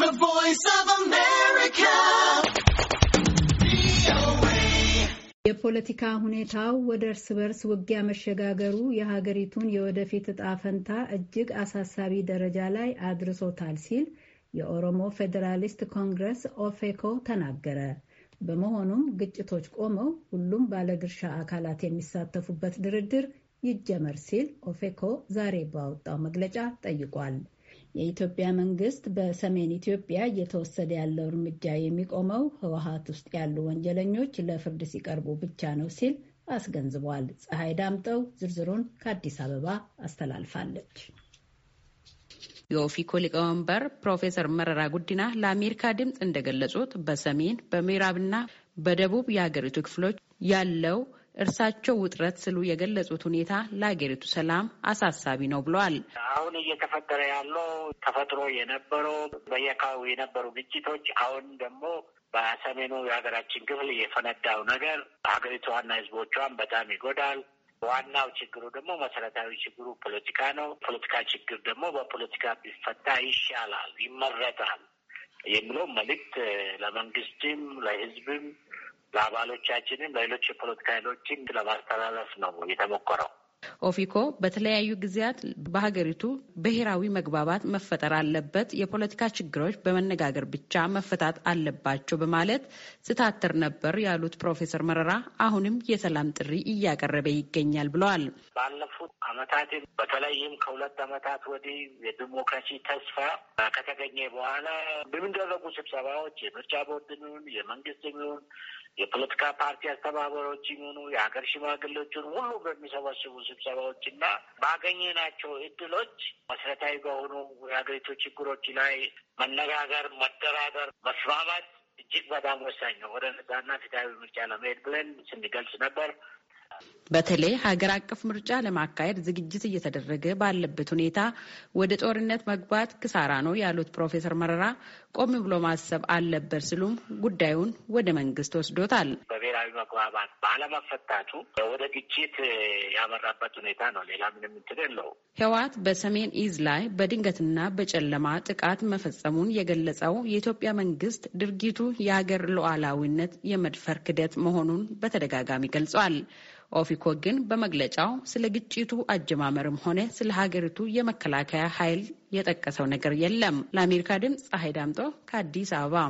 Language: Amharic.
The Voice of America. የፖለቲካ ሁኔታው ወደ እርስ በርስ ውጊያ መሸጋገሩ የሀገሪቱን የወደፊት እጣ ፈንታ እጅግ አሳሳቢ ደረጃ ላይ አድርሶታል ሲል የኦሮሞ ፌዴራሊስት ኮንግረስ ኦፌኮ ተናገረ። በመሆኑም ግጭቶች ቆመው ሁሉም ባለድርሻ አካላት የሚሳተፉበት ድርድር ይጀመር ሲል ኦፌኮ ዛሬ ባወጣው መግለጫ ጠይቋል። የኢትዮጵያ መንግስት በሰሜን ኢትዮጵያ እየተወሰደ ያለው እርምጃ የሚቆመው ህወሀት ውስጥ ያሉ ወንጀለኞች ለፍርድ ሲቀርቡ ብቻ ነው ሲል አስገንዝቧል። ፀሐይ ዳምጠው ዝርዝሩን ከአዲስ አበባ አስተላልፋለች። የኦፊኮ ሊቀመንበር ፕሮፌሰር መረራ ጉዲና ለአሜሪካ ድምፅ እንደገለጹት በሰሜን በምዕራብና በደቡብ የሀገሪቱ ክፍሎች ያለው እርሳቸው ውጥረት ስሉ የገለጹት ሁኔታ ለሀገሪቱ ሰላም አሳሳቢ ነው ብለዋል። አሁን እየተፈጠረ ያለው ተፈጥሮ የነበረው በየካባቢ የነበሩ ግጭቶች አሁን ደግሞ በሰሜኑ የሀገራችን ክፍል የፈነዳው ነገር ሀገሪቷና ሕዝቦቿን በጣም ይጎዳል። ዋናው ችግሩ ደግሞ መሰረታዊ ችግሩ ፖለቲካ ነው። ፖለቲካ ችግር ደግሞ በፖለቲካ ቢፈታ ይሻላል፣ ይመረጣል የሚለው መልእክት ለመንግስትም ለሕዝብም ለአባሎቻችንም ለሌሎች የፖለቲካ ኃይሎችም ለማስተላለፍ ነው የተሞከረው። ኦፊኮ በተለያዩ ጊዜያት በሀገሪቱ ብሔራዊ መግባባት መፈጠር አለበት፣ የፖለቲካ ችግሮች በመነጋገር ብቻ መፈታት አለባቸው በማለት ስታትር ነበር ያሉት ፕሮፌሰር መረራ አሁንም የሰላም ጥሪ እያቀረበ ይገኛል ብለዋል። ባለፉት አመታት በተለይም ከሁለት አመታት ወዲህ የዲሞክራሲ ተስፋ ከተገኘ በኋላ በሚደረጉ ስብሰባዎች የምርጫ ቦርድን ይሁን የመንግስት ይሁን የፖለቲካ ፓርቲ አስተባባሪዎች ይሁኑ የሀገር ሽማግሌዎችን ሁሉ በሚሰበስቡ ስብሰ ስብሰባዎች እና ባገኘናቸው እድሎች መሰረታዊ በሆኑ የሀገሪቱ ችግሮች ላይ መነጋገር፣ መደራደር፣ መስማማት እጅግ በጣም ወሳኝ ነው። ወደ ነጻና ፍትሃዊ ምርጫ ለመሄድ ብለን ስንገልጽ ነበር። በተለይ ሀገር አቀፍ ምርጫ ለማካሄድ ዝግጅት እየተደረገ ባለበት ሁኔታ ወደ ጦርነት መግባት ክሳራ ነው ያሉት ፕሮፌሰር መረራ ቆም ብሎ ማሰብ አለበት ሲሉም ጉዳዩን ወደ መንግስት ወስዶታል። በብሔራዊ መግባባት ባለመፈታቱ ወደ ግጭት ያመራበት ሁኔታ ነው። ሌላ ምንም እንትን የለው። ህወሓት በሰሜን ኢዝ ላይ በድንገትና በጨለማ ጥቃት መፈጸሙን የገለጸው የኢትዮጵያ መንግስት ድርጊቱ የሀገር ሉዓላዊነት የመድፈር ክደት መሆኑን በተደጋጋሚ ገልጿል። ኦፊኮ ግን በመግለጫው ስለ ግጭቱ አጀማመርም ሆነ ስለ ሀገሪቱ የመከላከያ ኃይል የጠቀሰው ነገር የለም። ለአሜሪካ ድምፅ ፀሐይ ዳምጦ ከአዲስ አበባ